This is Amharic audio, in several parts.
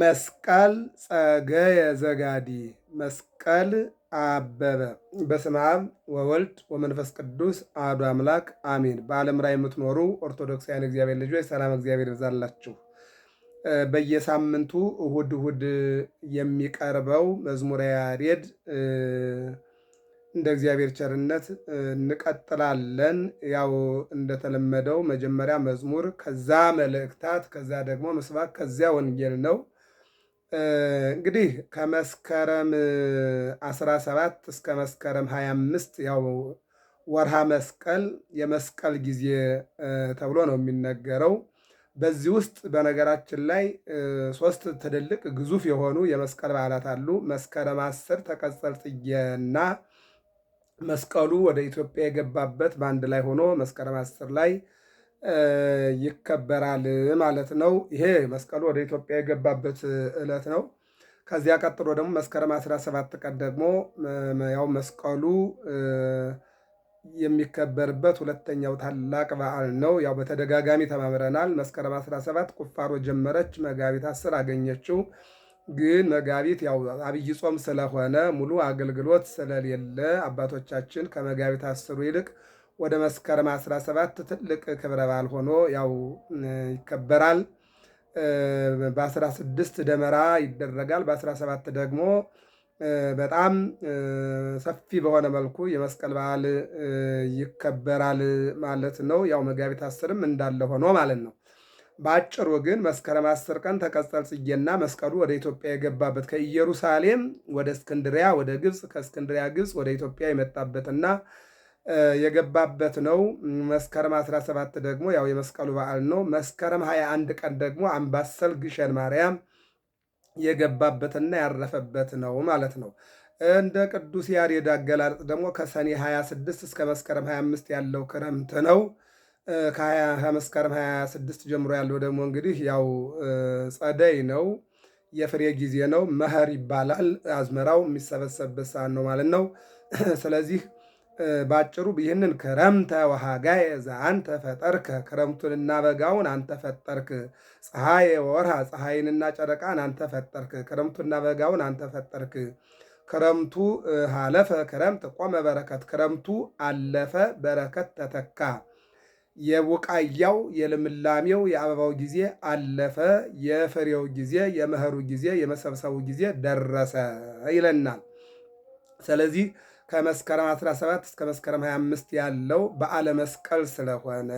መስቀል ጸገየ ዘጋዲ መስቀል አበበ። በስመ አብ ወወልድ ወመንፈስ ቅዱስ አሐዱ አምላክ አሜን። በዓለም ላይ የምትኖሩ ኦርቶዶክሳውያን እግዚአብሔር ልጆች ሰላም እግዚአብሔር ይብዛላችሁ። በየሳምንቱ እሁድ እሁድ የሚቀርበው መዝሙረ ያሬድ እንደ እግዚአብሔር ቸርነት እንቀጥላለን። ያው እንደተለመደው መጀመሪያ መዝሙር፣ ከዛ መልእክታት፣ ከዛ ደግሞ ምስባክ፣ ከዚያ ወንጌል ነው። እንግዲህ ከመስከረም 17 እስከ መስከረም 25 ያው ወርሃ መስቀል የመስቀል ጊዜ ተብሎ ነው የሚነገረው። በዚህ ውስጥ በነገራችን ላይ ሶስት ትልልቅ ግዙፍ የሆኑ የመስቀል በዓላት አሉ። መስከረም አስር ተቀጸል መስቀሉ ወደ ኢትዮጵያ የገባበት በአንድ ላይ ሆኖ መስከረም አስር ላይ ይከበራል ማለት ነው። ይሄ መስቀሉ ወደ ኢትዮጵያ የገባበት ዕለት ነው። ከዚያ ቀጥሎ ደግሞ መስከረም 17 ቀን ደግሞ ያው መስቀሉ የሚከበርበት ሁለተኛው ታላቅ በዓል ነው። ያው በተደጋጋሚ ተማምረናል። መስከረም 17 ቁፋሮ ጀመረች፣ መጋቢት 10 አገኘችው። ግን መጋቢት ያው አብይ ጾም ስለሆነ ሙሉ አገልግሎት ስለሌለ አባቶቻችን ከመጋቢት አስሩ ይልቅ ወደ መስከረም 17 ትልቅ ክብረ በዓል ሆኖ ያው ይከበራል። በ16 ደመራ ይደረጋል። በ17 ደግሞ በጣም ሰፊ በሆነ መልኩ የመስቀል በዓል ይከበራል ማለት ነው። ያው መጋቢት አስርም እንዳለ ሆኖ ማለት ነው። በአጭሩ ግን መስከረም አስር ቀን ተቀጸል ጽጌና መስቀሉ ወደ ኢትዮጵያ የገባበት ከኢየሩሳሌም ወደ እስክንድሪያ ወደ ግብፅ ከእስክንድሪያ ግብፅ ወደ ኢትዮጵያ የመጣበትና የገባበት ነው። መስከረም 17 ደግሞ ያው የመስቀሉ በዓል ነው። መስከረም 21 ቀን ደግሞ አምባሰል ግሸን ማርያም የገባበትና ያረፈበት ነው ማለት ነው። እንደ ቅዱስ ያሬድ አገላለጽ ደግሞ ከሰኔ 26 እስከ መስከረም 25 ያለው ክረምት ነው። ከመስከረም 26 ጀምሮ ያለው ደግሞ እንግዲህ ያው ጸደይ ነው፣ የፍሬ ጊዜ ነው። መኸር ይባላል። አዝመራው የሚሰበሰብበት ሰዓት ነው ማለት ነው። ስለዚህ ባጭሩ ይህንን ክረምተ ወሃጋየ ዘአንተ ፈጠርከ ክረምቱንና በጋውን አንተ ፈጠርክ። ፀሐይ ወርሃ ፀሐይንና ጨረቃን አንተ ፈጠርክ። ክረምቱና በጋውን አንተ ፈጠርክ። ክረምቱ ሃለፈ ክረምት ቆመ በረከት፣ ክረምቱ አለፈ በረከት ተተካ። የቡቃያው የልምላሜው የአበባው ጊዜ አለፈ፣ የፍሬው ጊዜ የመኸሩ ጊዜ የመሰብሰቡ ጊዜ ደረሰ ይለናል። ስለዚህ ከመስከረም 17 እስከ መስከረም 25 ያለው በዓለ መስቀል ስለሆነ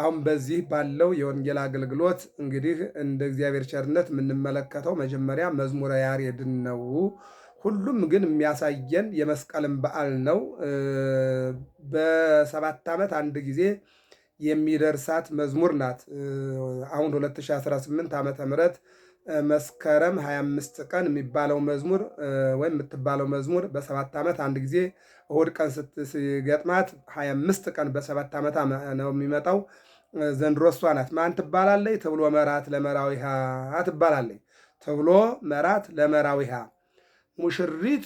አሁን በዚህ ባለው የወንጌል አገልግሎት እንግዲህ እንደ እግዚአብሔር ቸርነት የምንመለከተው መጀመሪያ መዝሙረ ያሬድን ነው። ሁሉም ግን የሚያሳየን የመስቀልን በዓል ነው። በሰባት ዓመት አንድ ጊዜ የሚደርሳት መዝሙር ናት። አሁን 2018 ዓ ም መስከረም 25 ቀን የሚባለው መዝሙር ወይም የምትባለው መዝሙር በሰባት ዓመት አንድ ጊዜ እሁድ ቀን ስትገጥማት 25 ቀን በሰባት ዓመት ነው የሚመጣው። ዘንድሮ እሷ ናት። ማን ትባላለይ? ተብሎ መራት ለመራዊሃ ትባላለይ። ተብሎ መራት ለመራዊሃ ሙሽሪት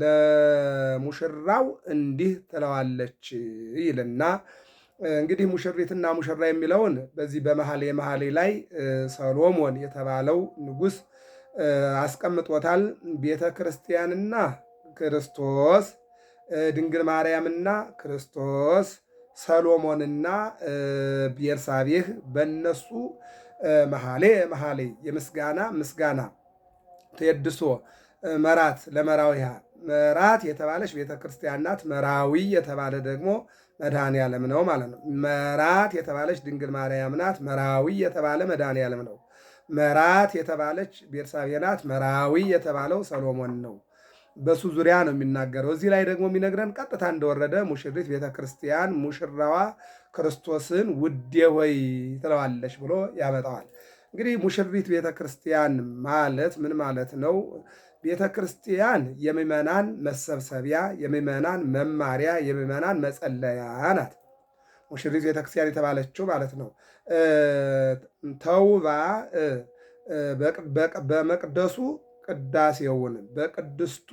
ለሙሽራው እንዲህ ትለዋለች ይልና እንግዲህ ሙሽሪትና ሙሽራ የሚለውን በዚህ በመሐሌ መሐሌ ላይ ሰሎሞን የተባለው ንጉሥ አስቀምጦታል። ቤተ ክርስቲያንና ክርስቶስ፣ ድንግል ማርያምና ክርስቶስ፣ ሰሎሞንና ቤርሳቤህ በነሱ መሐሌ መሐሌ የምስጋና ምስጋና ቴድሶ መራት ለመራዊሃ መራት የተባለች ቤተ ክርስቲያን ናት። መራዊ የተባለ ደግሞ መድኃኔ ያለም ነው ማለት ነው። መራት የተባለች ድንግል ማርያም ናት። መራዊ የተባለ መድኃኔ ያለም ነው። መራት የተባለች ቤርሳቤ ናት። መራዊ የተባለው ሰሎሞን ነው። በሱ ዙሪያ ነው የሚናገረው። እዚህ ላይ ደግሞ የሚነግረን ቀጥታ እንደወረደ ሙሽሪት ቤተ ክርስቲያን ሙሽራዋ ክርስቶስን ውዴ ሆይ ትለዋለች ብሎ ያመጣዋል። እንግዲህ ሙሽሪት ቤተ ክርስቲያን ማለት ምን ማለት ነው? ቤተ ክርስቲያን የምዕመናን መሰብሰቢያ፣ የምዕመናን መማሪያ፣ የምዕመናን መጸለያ ናት። ሙሽሪት ቤተ ክርስቲያን የተባለችው ማለት ነው። ተውባ በመቅደሱ ቅዳሴውን፣ በቅድስቱ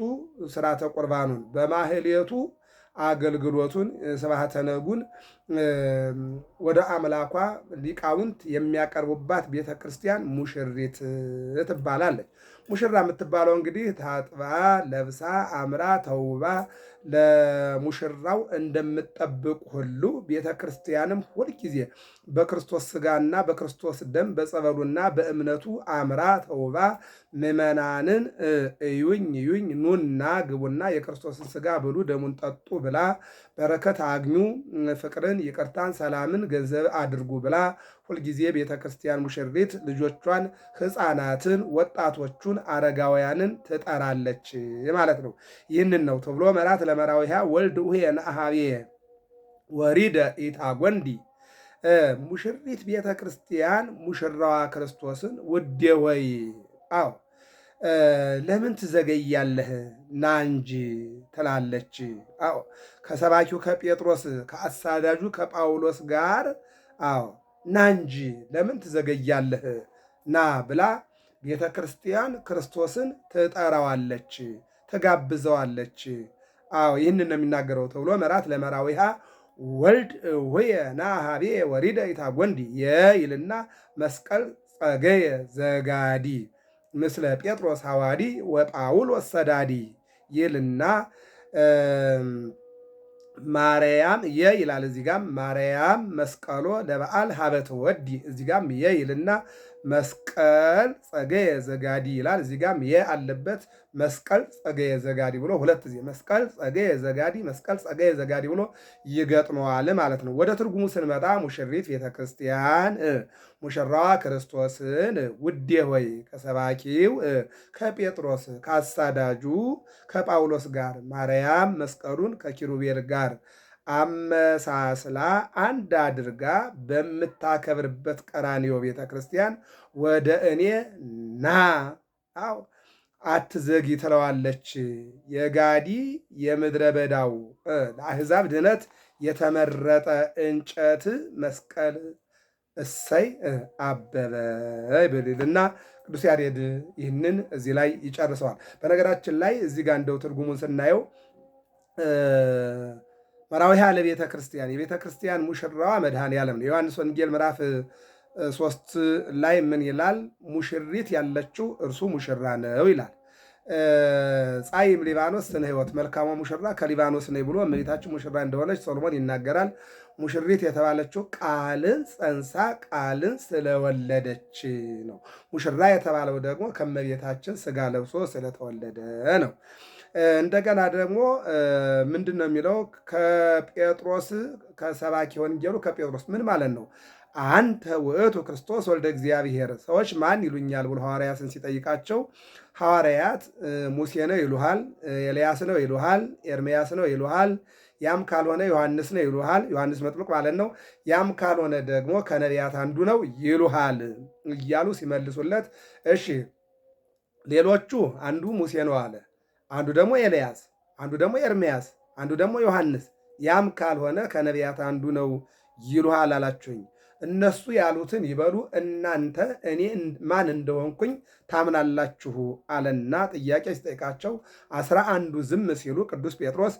ስርዓተ ቁርባኑን፣ በማህሌቱ አገልግሎቱን ስብሐተ ወደ አምላኳ ሊቃውንት የሚያቀርቡባት ቤተ ክርስቲያን ሙሽሪት ትባላለች። ሙሽራ የምትባለው እንግዲህ ታጥባ ለብሳ አምራ ተውባ ለሙሽራው እንደምጠብቅ ሁሉ ቤተ ክርስቲያንም ሁልጊዜ በክርስቶስ ስጋና በክርስቶስ ደም በጸበሉና በእምነቱ አምራ ተውባ ምዕመናንን እዩኝ እዩኝ ኑና ግቡና የክርስቶስን ስጋ ብሉ ደሙን ጠጡ ብላ በረከት አግኙ ፍቅርን፣ ይቅርታን፣ ሰላምን ገንዘብ አድርጉ ብላ ሁልጊዜ ቤተ ክርስቲያን ሙሽሪት ልጆቿን፣ ህፃናትን ወጣቶቹን አረጋውያንን ትጠራለች ማለት ነው። ይህንን ነው ተብሎ መራት ለመራዊያ ወልድ ውሄ ነአሃቤ ወሪደ ጎንዲ ሙሽሪት ቤተ ክርስቲያን ሙሽራዋ ክርስቶስን ውዴ ወይ አው ለምን ትዘገያለህ? ና እንጂ ትላለች። አዎ ከሰባኪው ከጴጥሮስ ከአሳዳጁ ከጳውሎስ ጋር አዎ ና እንጂ ለምን ትዘገያለህ? ና ብላ ቤተ ክርስቲያን ክርስቶስን ትጠራዋለች፣ ትጋብዘዋለች። አዎ ይህን ነው የሚናገረው ተብሎ መራት ለመራዊሃ ወልድ ውየ ናሃቤ ወሪደ ኢታጎንዲ የይልና መስቀል ጸገየ ዘጋዲ ምስለ ጴጥሮስ ሐዋዲ ወጳውሎስ ሰዳዲ ይልና ማርያም የ ይላል። እዚህ ጋም ማርያም መስቀሎ ለበዓል ሀበት ወዲ እዚህ ጋም የ ይልና መስቀል ጸገየ ዘጋዲ ይላል። እዚህ ጋም የ አለበት መስቀል ጸገየ ዘጋዲ ብሎ ሁለት ጊዜ መስቀል ጸገየ ዘጋዲ መስቀል ጸገየ ዘጋዲ ብሎ ይገጥመዋል ማለት ነው። ወደ ትርጉሙ ስንመጣ ሙሽሪት ቤተ ክርስቲያን ሙሽራዋ ክርስቶስን ውዴ ሆይ ከሰባኪው ከጴጥሮስ ከአሳዳጁ ከጳውሎስ ጋር ማርያም መስቀሉን ከኪሩቤል ጋር አመሳስላ አንድ አድርጋ በምታከብርበት ቀራንዮ ቤተ ክርስቲያን ወደ እኔ ና አው አትዘግ ትለዋለች። የጋዲ የምድረ በዳው ለአሕዛብ ድነት የተመረጠ እንጨት መስቀል እሰይ አበበ ብልና ቅዱስ ያሬድ ይህንን እዚህ ላይ ይጨርሰዋል። በነገራችን ላይ እዚህ ጋር እንደው ትርጉሙን ስናየው መራዊሃ ለቤተ ክርስቲያን የቤተ ክርስቲያን ሙሽራዋ መድሃን ዓለም ነው። ዮሐንስ ወንጌል ምዕራፍ ሶስት ላይ ምን ይላል? ሙሽሪት ያለችው እርሱ ሙሽራ ነው ይላል። ጻይም ሊባኖስ ስነ ህይወት መልካሟ ሙሽራ ከሊባኖስ ነው ብሎ እመቤታችን ሙሽራ እንደሆነች ሶሎሞን ይናገራል። ሙሽሪት የተባለችው ቃልን ጸንሳ ቃልን ስለወለደች ነው። ሙሽራ የተባለው ደግሞ ከእመቤታችን ስጋ ለብሶ ስለተወለደ ነው። እንደገና ደግሞ ምንድን ነው የሚለው ከጴጥሮስ ከሰባኪ ወንጌሉ ከጴጥሮስ ምን ማለት ነው? አንተ ውእቱ ክርስቶስ ወልደ እግዚአብሔር ሰዎች ማን ይሉኛል ብሎ ሐዋርያትን ሲጠይቃቸው ሐዋርያት ሙሴ ነው ይሉሃል፣ ኤልያስ ነው ይሉሃል፣ ኤርምያስ ነው ይሉሃል፣ ያም ካልሆነ ዮሐንስ ነው ይሉሃል። ዮሐንስ መጥምቅ ማለት ነው። ያም ካልሆነ ደግሞ ከነቢያት አንዱ ነው ይሉሃል እያሉ ሲመልሱለት፣ እሺ ሌሎቹ አንዱ ሙሴ ነው አለ አንዱ ደግሞ ኤልያስ፣ አንዱ ደግሞ ኤርምያስ፣ አንዱ ደግሞ ዮሐንስ ያም ካልሆነ ከነቢያት አንዱ ነው ይሉሃል አላችሁኝ። እነሱ ያሉትን ይበሉ፣ እናንተ እኔ ማን እንደሆንኩኝ ታምናላችሁ አለና ጥያቄ ሲጠይቃቸው አስራ አንዱ ዝም ሲሉ ቅዱስ ጴጥሮስ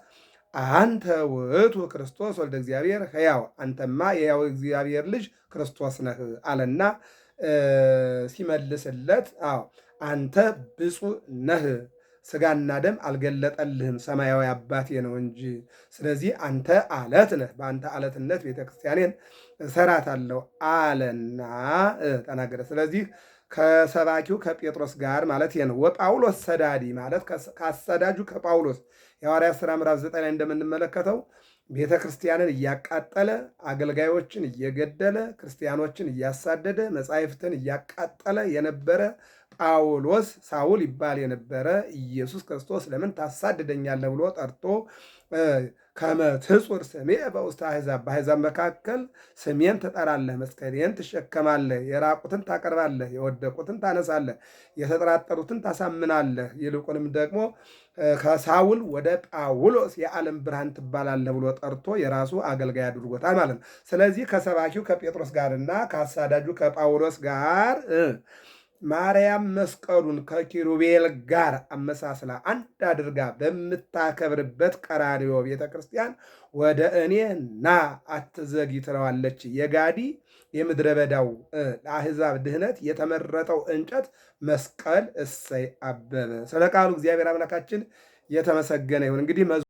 አንተ ውእቱ ክርስቶስ ወልደ እግዚአብሔር ሕያው አንተማ የሕያው እግዚአብሔር ልጅ ክርስቶስ ነህ አለና ሲመልስለት፣ አዎ አንተ ብፁ ነህ ስጋና ደም አልገለጠልህም ሰማያዊ አባቴ ነው እንጂ። ስለዚህ አንተ አለት ነህ፣ በአንተ አለትነት ቤተክርስቲያኔን እሰራታለሁ አለና ተናገረ። ስለዚህ ከሰባኪው ከጴጥሮስ ጋር ማለት ነው። ወጳውሎስ ሰዳዲ ማለት ከአሰዳጁ ከጳውሎስ የሐዋርያት ሥራ ምዕራፍ ዘጠኝ ላይ እንደምንመለከተው ቤተ ክርስቲያንን እያቃጠለ አገልጋዮችን እየገደለ ክርስቲያኖችን እያሳደደ መጻሕፍትን እያቃጠለ የነበረ ጳውሎስ ሳውል ይባል የነበረ ኢየሱስ ክርስቶስ ለምን ታሳድደኛለህ ብሎ ጠርቶ ከመትጹር ስሜ በውስተ አሕዛብ በአሕዛብ መካከል ስሜን ትጠራለህ፣ መስቀሌን ትሸከማለህ፣ የራቁትን ታቀርባለህ፣ የወደቁትን ታነሳለህ፣ የተጠራጠሩትን ታሳምናለህ፣ ይልቁንም ደግሞ ከሳውል ወደ ጳውሎስ የዓለም ብርሃን ትባላለህ ብሎ ጠርቶ የራሱ አገልጋይ አድርጎታል ማለት ነው። ስለዚህ ከሰባኪው ከጴጥሮስ ጋርና ከአሳዳጁ ከጳውሎስ ጋር ማርያም መስቀሉን ከኪሩቤል ጋር አመሳስላ አንድ አድርጋ በምታከብርበት ቀራንዮ ቤተ ክርስቲያን ወደ እኔ ና አትዘግይ ትለዋለች። የጋዲ የምድረ በዳው ለአሕዛብ ድኅነት የተመረጠው እንጨት መስቀል እሰይ አበበ። ስለ ቃሉ እግዚአብሔር አምላካችን የተመሰገነ ይሁን። እንግዲህ